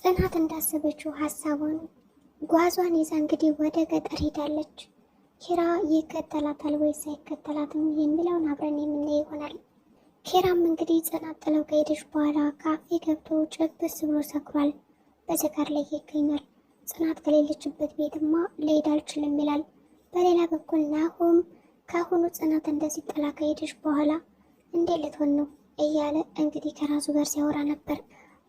ጽናት እንዳሰበችው ሀሳቧን ጓዟን ይዛ እንግዲህ ወደ ገጠር ሄዳለች። ኪራ ይከተላታል ወይስ አይከተላትም የሚለውን አብረን የምናይ ይሆናል። ኪራም እንግዲህ ጽናት ጥለው ከሄደች በኋላ ካፌ ገብቶ ጭብስ ብሎ ሰክሯል። በስካር ላይ ይገኛል። ጽናት ከሌለችበት ቤትማ ልሄድ አልችልም ይላል። በሌላ በኩል ናሆም ከአሁኑ ጽናት እንደዚህ ጥላ ከሄደች በኋላ እንዴ ልትሆን ነው እያለ እንግዲህ ከራሱ ጋር ሲያወራ ነበር።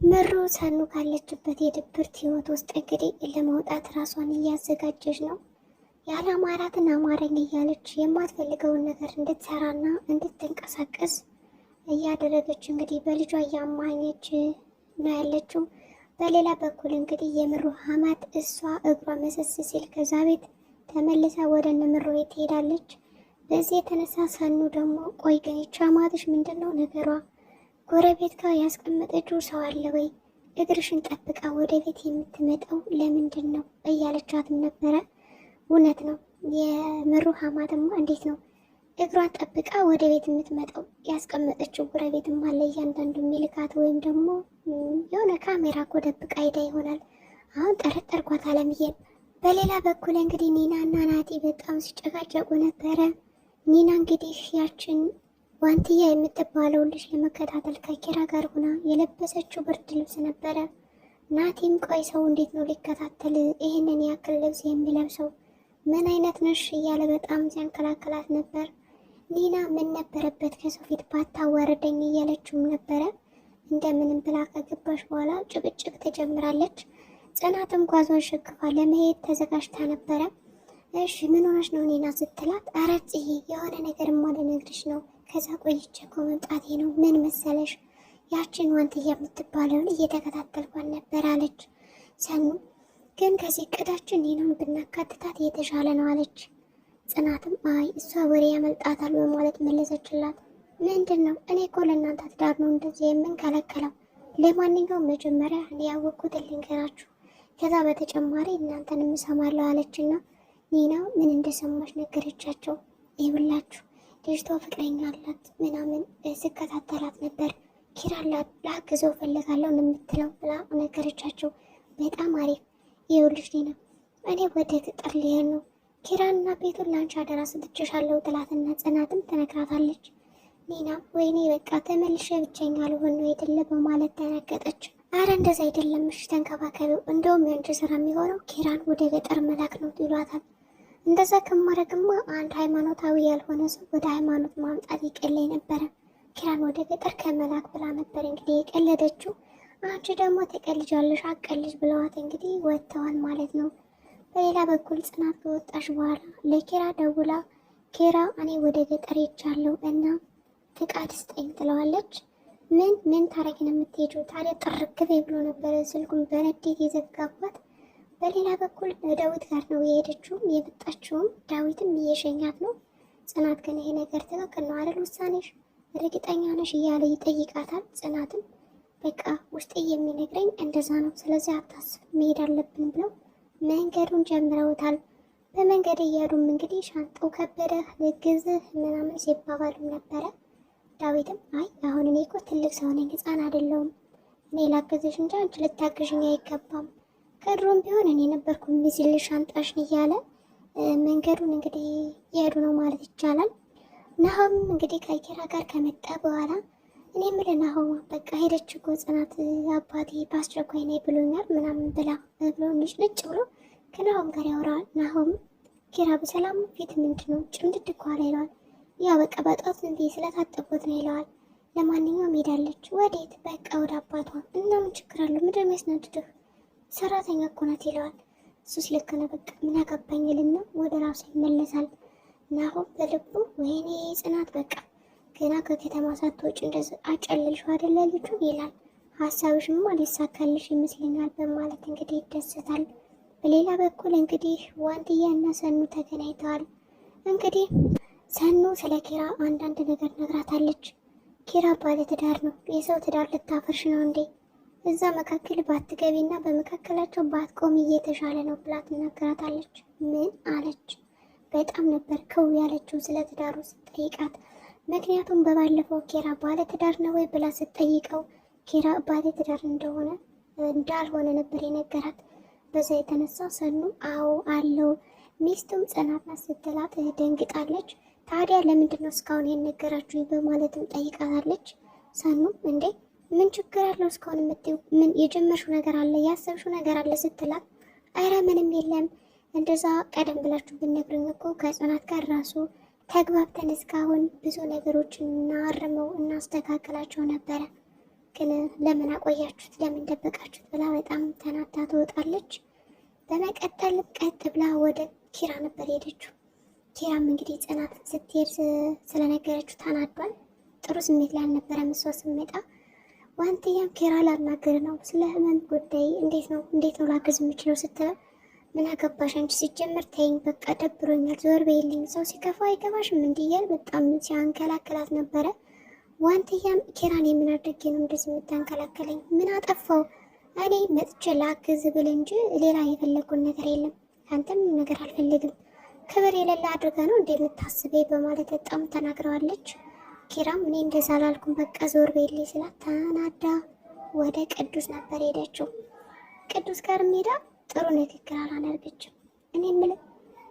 ምሩ ሰኑ ካለችበት የድብርት ህይወት ውስጥ እንግዲህ ለመውጣት ራሷን እያዘጋጀች ነው። አማራትን አማረኝ እያለች የማትፈልገውን ነገር እንድትሰራና እንድትንቀሳቀስ እያደረገች እንግዲህ በልጇ እያማኘች ነው ያለችው። በሌላ በኩል እንግዲህ የምሩ ሀማት እሷ እግሯ መሰስ ሲል ከዛ ቤት ተመልሳ ወደ ንምሮ ቤት ትሄዳለች። በዚህ የተነሳ ሰኑ ደግሞ ቆይ ግን ይቻማትሽ ምንድን ነው ነገሯ ጎረቤት ጋር ያስቀመጠችው ሰው አለ ወይ? እግርሽን ጠብቃ ወደ ቤት የምትመጣው ለምንድን ነው እያለቻትም ነበረ። እውነት ነው። የምሩሃማ ደግሞ እንዴት ነው እግሯን ጠብቃ ወደ ቤት የምትመጣው? ያስቀመጠችው ጎረቤትም አለ እያንዳንዱ የሚልካት ወይም ደግሞ የሆነ ካሜራ እኮ ደብቃ ሄዳ ይሆናል። አሁን ጠረጠርኳት አለምዬን። በሌላ በኩል እንግዲህ ኒና እና ናቲ በጣም ሲጨቃጨቁ ነበረ። ኒና እንግዲህ ያችን ዋንትያ የምትባለው ልጅ ለመከታተል ከኪራ ጋር ሆና የለበሰችው ብርድ ልብስ ነበረ። ናቲም ቆይ ሰው እንዴት ነው ሊከታተል ይህንን ያክል ልብስ የሚለብሰው? ምን አይነት ነሽ? እያለ በጣም ሲያንከላከላት ነበር። ኒና ምን ነበረበት ከሰው ፊት ወረደኝ እያለችውም ነበረ። እንደምንም ብላ ከገባች በኋላ ጭቅጭቅ ትጀምራለች። ጽናትም ጓዟን ሸክፋ ለመሄድ ተዘጋጅታ ነበረ። እሺ ምን ሆነሽ ነው ኒና ስትላት፣ አረ የሆነ ነገር ማለ ልነግርሽ ነው ከዛ ቆይቼ እኮ መምጣቴ ነው። ምን መሰለሽ ያችን ዋንትያ የምትባለውን እየተከታተልኳን ነበር አለች ሰኑ። ግን ከዚህ እቅዳችን ሌላውን ብናካትታት የተሻለ ነው አለች ጽናትም። አይ እሷ ወሬ ያመልጣታል በማለት መለሰችላት። ምንድን ነው እኔ እኮ ለእናንተ ትዳር ነው እንደዚህ የምንከለከለው። ለማንኛውም መጀመሪያ እኔ ያወቅኩትን ልንገራችሁ፣ ከዛ በተጨማሪ እናንተን የምሰማለሁ አለችና ኒና ምን እንደሰማች ነገረቻቸው። ይብላችሁ ልጅቷ ፍቅረኛ አላት ምናምን ስከታተላት ነበር። ኪራ ላግዘው ፈልጋለሁ የምትለው ብላ ነገረቻቸው። በጣም አሪፍ ይኸውልሽ፣ ዲና እኔ ወደ ገጠር ልሄድ ነው ኪራና ቤቱን ላንቺ አደራ ሰጥቼሻለሁ ጥላትና ጽናትም ተነግራታለች። ኒና ወይኔ በቃ ተመልሼ ብቸኛ ልሆን ነው አይደለ በማለት ተነገጠች። አረ እንደዛ አይደለም እሺ፣ ተንከባከቢው እንደውም የአንቺ ስራ የሚሆነው ኪራን ወደ ገጠር መላክ ነው ይሏታል። እንደዛ ከማረግማ አንድ ሃይማኖታዊ ያልሆነ ሰው ወደ ሃይማኖት ማምጣት ይቀለኝ ነበረ። ኪራን ወደ ገጠር ከመላክ ብላ ነበር እንግዲህ የቀለደችው። አንቺ ደግሞ ተቀልጃለሽ አቀልጅ ብለዋት እንግዲህ ወጥተዋል ማለት ነው። በሌላ በኩል ጽናት ከወጣሽ በኋላ ለኪራ ደውላ ኪራ እኔ ወደ ገጠር ሄጃለሁ እና ፍቃድ ስጠኝ ትለዋለች። ምን ምን ታረግን ነው የምትሄጂው ታዲያ? ጥርግቤ ብሎ ነበረ ስልኩን በነዴት የዘጋባት በሌላ በኩል ዳዊት ጋር ነው የሄደችውም የመጣችውም። ዳዊትም እየሸኛት ነው። ጽናት ግን ይሄ ነገር ትክክል ነው አይደል ውሳኔሽ፣ እርግጠኛ ነሽ እያለ ይጠይቃታል። ጽናትም በቃ ውስጤ የሚነግረኝ እንደዛ ነው፣ ስለዚህ አታስብ፣ መሄድ አለብን ብለው መንገዱን ጀምረውታል። በመንገድ እያሉም እንግዲህ ሻንጣው ከበደ ልግዝህ ምናምን ሲባባሉም ነበረ። ዳዊትም አይ አሁን እኔ እኮ ትልቅ ሰው ነኝ፣ ህፃን አይደለሁም፣ እኔ ላግዝሽ እንጂ አንቺ ልታግዥኝ አይገባም ከድሮም ቢሆን እኔ ነበርኩ የሚዝልሽ ሻንጣሽን እያለ መንገዱን እንግዲህ የሄዱ ነው ማለት ይቻላል። ናሆም እንግዲህ ከኪራ ጋር ከመጣ በኋላ እኔ የምልህ ናሆም በቃ ሄደች እኮ ጽናት አባቴ በአስቸኳይ ነይ ብሎኛል ምናምን ብላ ብሎንሽ ልጭ ብሎ ከናሆም ጋር ያወራል። ናሆም ኪራ በሰላም ፊት ምንድን ነው ጭምድድ እኮ ይለዋል። ያ በቃ በጣት እንዲ ስለታጠቦት ነው ይለዋል። ለማንኛውም ሄዳለች። ወዴት? በቃ ወደ አባቷ እናም ችግር አለው? ምንድን ሰራተኛ እኮ ናት ይለዋል። እሱስ ልክ ነው በቃ ምን አገባኝልና ወደ ራሱ ይመለሳል። ናሆም በልቡ ወይኔ ጽናት በቃ ገና ከከተማ ሳትወጪ እንደዚህ አጨለልሽ አይደለ ልጁ ይላል። ሀሳብሽማ ሊሳካልሽ ይመስለኛል በማለት እንግዲህ ይደሰታል። በሌላ በኩል እንግዲህ ዋንትያና ሰኑ ተገናኝተዋል። እንግዲህ ሰኑ ስለ ኪራ አንዳንድ ነገር ነግራታለች። ኪራ ባለ ትዳር ነው፣ የሰው ትዳር ልታፈርሽ ነው እንዴ እዛ መካከል ባትገቢና በመካከላቸው ባትቆሚ እየተሻለ ነው ብላ ትናገራታለች። ምን አለች? በጣም ነበር ከው ያለችው ስለ ትዳሩ ስጠይቃት። ምክንያቱም በባለፈው ኬራ ባለ ትዳር ነው ወይ ብላ ስትጠይቀው ኬራ ባለ ትዳር እንደሆነ እንዳልሆነ ነበር የነገራት። በዛ የተነሳ ሰኑ አዎ አለው ሚስቱም ጽናትና ስትላት ደንግጣለች። ታዲያ ለምንድነው እስካሁን የነገራችሁ በማለትም ጠይቃታለች። ሰኑም እንዴ ምን ችግር አለው እስካሁን የምትይው ምን የጀመርሽው ነገር አለ ያሰብሽው ነገር አለ ስትላት፣ አረ ምንም የለም እንደዛ ቀደም ብላችሁ ብነግሩኝ እኮ ከጽናት ጋር ራሱ ተግባብተን እስካሁን ብዙ ነገሮችን እናርመው እናስተካከላቸው ነበረ። ግን ለምን አቆያችሁት ለምን ደበቃችሁት ብላ በጣም ተናታ ትወጣለች። በመቀጠል ቀጥ ብላ ወደ ኪራ ነበር ሄደችው። ኪራም እንግዲህ ጽናት ስትሄድ ስለነገረችው ተናዷል። ጥሩ ስሜት ላይ አልነበረም እሷ ስመጣ ያም ኬራ ላናገር ነው ስለ ህመም ጉዳይ እንዴት ነው እንዴት ነው ላገዝ የምችለው ስትለው ምን አገባሽ አንቺ ሲጀምር ተይኝ በቃ ደብሮኛል ዞር በይልኝ ሰው ሲከፋ አይገባሽም እንዲያል በጣም ሲያንከላከላት ነበረ ያም ኬራን የምን ነው እንደዚህ የምታንከላከለኝ ምን አጠፋው እኔ መጥቼ ላግዝ ብል እንጂ ሌላ የፈለጉን ነገር የለም አንተም ነገር አልፈልግም ክብር የሌለ አድርጋ ነው እንደ በማለት በጣም ተናግረዋለች ኪራም እኔ እንደዛ አላልኩም በቃ ዞር ቤሌ ስላት ተናዳ ወደ ቅዱስ ነበር ሄደችው። ቅዱስ ጋር ሄዳ ጥሩ ንግግር አላደርገችም። እኔ የምልህ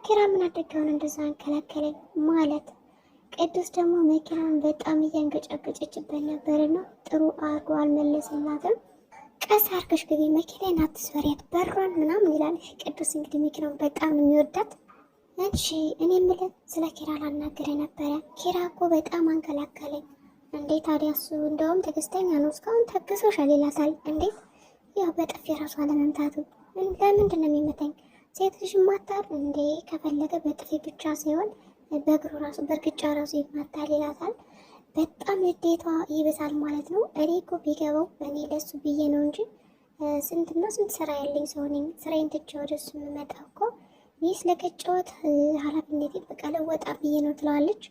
ኪራ ምን አደገውን እንደዛ አንከላከለኝ ማለት ቅዱስ ደግሞ መኪናን በጣም እያንገጫገጨችበት ነበርና ጥሩ አርጎ አልመለስላትም። ቀስ አርገሽ ግቢ፣ መኪናን አትስበሪያት በሯን ምናምን ይላል። ቅዱስ እንግዲህ መኪናውን በጣም የሚወዳት እሺ እኔ የምልህ ስለ ኪራ ላናገር ነበረ። ኪራ እኮ በጣም አንከላከለኝ። እንዴት ታዲያ እሱ እንደውም ትዕግስተኛ ነው። እስካሁን ታግሶሻል ይላታል። እንዴት ያው በጥፊ የራሱ አለመምታቱ ለምንድን ነው የሚመታኝ? ሴት ልጅ ማታል እንዴ? ከፈለገ በጥፊ ብቻ ሲሆን በእግሩ ራሱ በእርግጫ ራሱ ይማታል ይላታል። በጣም ንዴቷ ይበዛል ማለት ነው። እኔ እኮ ቢገባው እኔ ለሱ ብዬ ነው እንጂ ስንትና ስንት ስራ ያለኝ ሰው ነኝ። ስራዬን ትቼ ወደ እሱ እኮ ይህ ስለቀጫወት ኃላፊነቴን በቃ ወጣ ብዬ ነው ትለዋለች።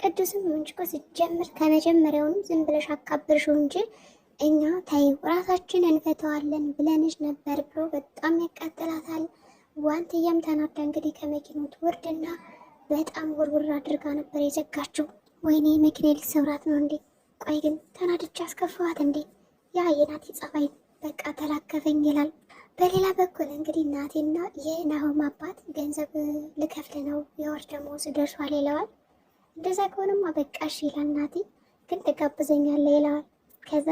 ቅዱስም ምንጭቆ ስጀምር ከመጀመሪያውኑ ዝም ብለሽ አካብርሽው እንጂ እኛ ታይ ራሳችን እንፈተዋለን ብለንሽ ነበር ብሎ በጣም ያቃጥላታል። ዋንትያም ተናዳ እንግዲህ ከመኪናው ትወርድና በጣም ውርውር አድርጋ ነበር የዘጋችው። ወይኔ መኪና ልትሰብራት ነው እንዴ? ቆይ ግን ተናድቻ አስከፋዋት እንዴ? ያ የናቲ ጸባይ በቃ ተላከፈኝ ይላል። በሌላ በኩል እንግዲህ እናቴና የናሆም አባት ገንዘብ ልከፍል ነው የወር ደመወዝ ደርሷል ይለዋል። እንደዛ ከሆነማ በቃሽ ይላል። እናቴ ግን ትጋብዘኛለ ይለዋል። ከዛ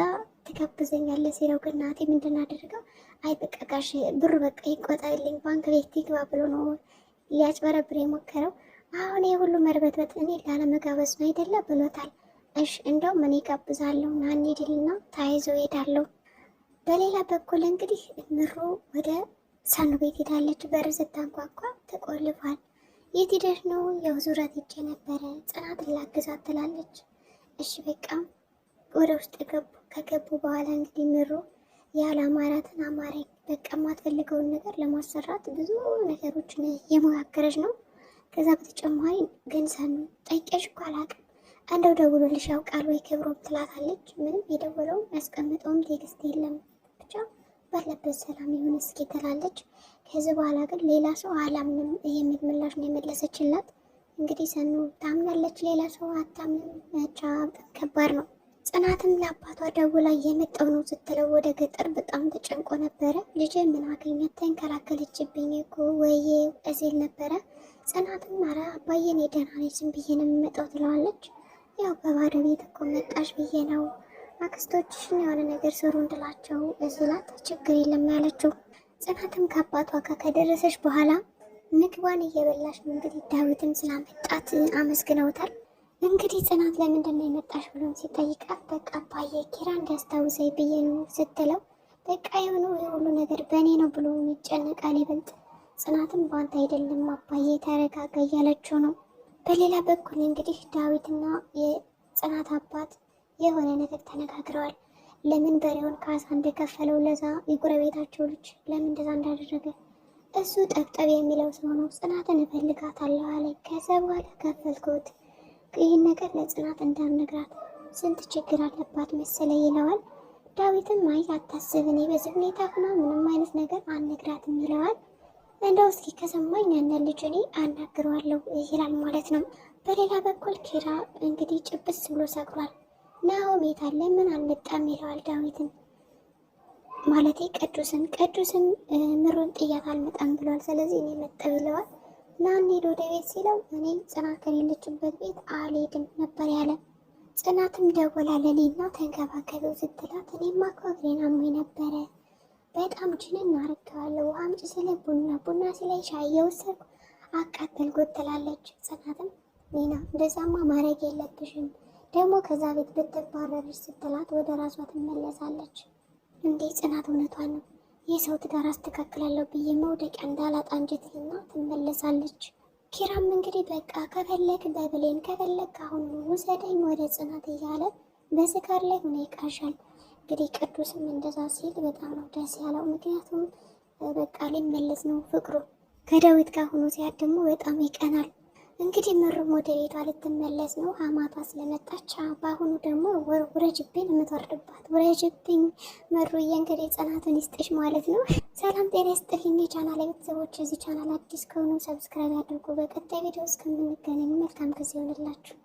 ትጋብዘኛለ ሲለው ግን እናቴ ምንድን አደረገው? አይ በቃ ጋሽ ብሩ በቃ ይቆጣልኝ ባንክ ቤት ይግባ ብሎ ነው ሊያጭበረብር የሞከረው። አሁን የሁሉ መርበትበት እኔ ላለመጋበዝ ነው አይደለ ብሎታል። እሽ እንደው ምን ይጋብዛለሁ ናኔ ድልና ተያይዞ ሄዳለሁ በሌላ በኩል እንግዲህ ምሩ ወደ ሳኑ ቤት ሄዳለች። በር ስታንኳኳ ተቆልፏል። የት ሄደሽ ነው? ያው ዙረት ሄጄ ነበረ ጽናት ላግዛት ትላለች። እሺ በቃም ወደ ውስጥ ገቡ። ከገቡ በኋላ እንግዲህ ምሩ ያለ አማራትን አማራ በቃ የማትፈልገውን ነገር ለማሰራት ብዙ ነገሮችን የመካከረች ነው። ከዛ በተጨማሪ ግን ሳኑ ጠይቄሽ እኮ አላውቅም እንደው ደውሎልሽ ያውቃል ወይ ክብሮም ትላታለች። ምንም የደወለውም ያስቀምጠውም ቴክስት የለም። ሰላም ይሁን እስኪ ትላለች። ከዚህ በኋላ ግን ሌላ ሰው አላምንም የሚል ምላሽ ነው የመለሰችላት። እንግዲህ ሰኑ ታምናለች፣ ሌላ ሰው አታምንም። ብቻ ከባድ ነው። ጽናትም ለአባቷ ደውላ የመጣው ነው ስትለው ወደ ገጠር በጣም ተጨንቆ ነበረ። ልጄ ምን አገኘት ተንከላከለችብኝ እኮ ወየ እዚል ነበረ። ጽናትም ማረ አባዬ እኔ ደህና ነኝ ዝም ብዬ ነው የምመጣው ትለዋለች። ያው በባዶ ቤት እኮ መጣሽ ብዬ ነው አክስቶችሽን የሆነ ነገር ስሩ እንድላቸው እዝላት ችግር የለም ያለችው። ጽናትም ከአባቷ ጋር ከደረሰች በኋላ ምግቧን እየበላሽ ነው። እንግዲህ ዳዊትም ስላመጣት አመስግነውታል። እንግዲህ ጽናት ለምንድን ነው የመጣሽ ብሎም ሲጠይቃት በቃ አባዬ ኪራ እንዲያስታውሰኝ ብዬ ነው ስትለው በቃ የሆኑ የሁሉ ነገር በእኔ ነው ብሎ ይጨነቃል ይበልጥ። ጽናትም በአንተ አይደለም አባዬ ተረጋጋ እያለችው ነው። በሌላ በኩል እንግዲህ ዳዊትና የጽናት አባት የሆነ ነገር ተነጋግረዋል። ለምን በሬውን ካሳ እንደከፈለው ለዛ የጎረቤታቸው ልጅ ለምን እንደዛ እንዳደረገ እሱ ጠብጠብ የሚለው ሰው ነው። ጽናትን እፈልጋታለሁ አለኝ። ከዚያ በኋላ ከፈልኩት። ይህን ነገር ለጽናት እንዳነግራት ስንት ችግር አለባት መሰለ ይለዋል። ዳዊትም አይ አታስብ፣ እኔ በዚህ ሁኔታ ሆና ምንም አይነት ነገር አልነግራትም ይለዋል። እንደው እስኪ ከሰማኝ ያንን ልጅ እኔ አናግረዋለሁ ይላል ማለት ነው። በሌላ በኩል ኪራ እንግዲህ ጭብስ ብሎ ሰግሯል። ናሆም የት አለ ምን አልመጣም ይለዋል ዳዊትን ማለቴ ቅዱስን ቅዱስን ምሩን ጥያት አልመጣም ብሏል። ስለዚህ እኔ መጠው ይለዋል። ና እንሂድ ወደ ቤት ሲለው እኔ ጽናት ከሌለችበት ቤት አልሄድም ነበር ያለ። ጽናትም ደወላ ለሌና ተንከባከቢው ስትላት እኔማ እኮ እግሬን አሞኝ ነበረ በጣም ጅንን አርገዋለሁ። ውሃ አምጪ ስለ ቡና ቡና ስለ ሻይ እየወሰድኩ አቃጠልኩት ትላለች። ጽናትም ሌና እንደዛማ ማድረግ የለብሽም ደግሞ ከዛ ቤት ብትባረርሽ ስትላት ወደ ራሷ ትመለሳለች። እንዴ ጽናት እውነቷ ነው። የሰው ትዳር አስተካክላለሁ ብዬ መውደቂያ እንዳላጣ አንጀትና ትመለሳለች። ኪራም እንግዲህ በቃ ከፈለግ በብሌን ከፈለግ አሁን ውሰደኝ ወደ ጽናት እያለ በስካር ላይ ሆነ ይቃሻል። እንግዲህ ቅዱስም እንደዛ ሲል በጣም ነው ደስ ያለው። ምክንያቱም በቃ ሊመለስ ነው ፍቅሩ ከዳዊት ጋር ሆኖ ሲያድሙ በጣም ይቀናል። እንግዲህ ምሩም ወደ ቤቷ ልትመለስ ነው። አማቷ ስለመጣች በአሁኑ ደግሞ ውረጅብኝ የምትወርድባት ውረጅብኝ። ምሩዬ እንግዲህ ጽናቱን ይስጥሽ ማለት ነው። ሰላም ጤና ይስጥልኝ የቻናል ቤተሰቦች፣ እዚህ ቻናል አዲስ ከሆኑ ሰብስክራይብ አድርጉ። በቀጣይ ቪዲዮ እስከምንገናኝ መልካም ጊዜ ይሆንላችሁ።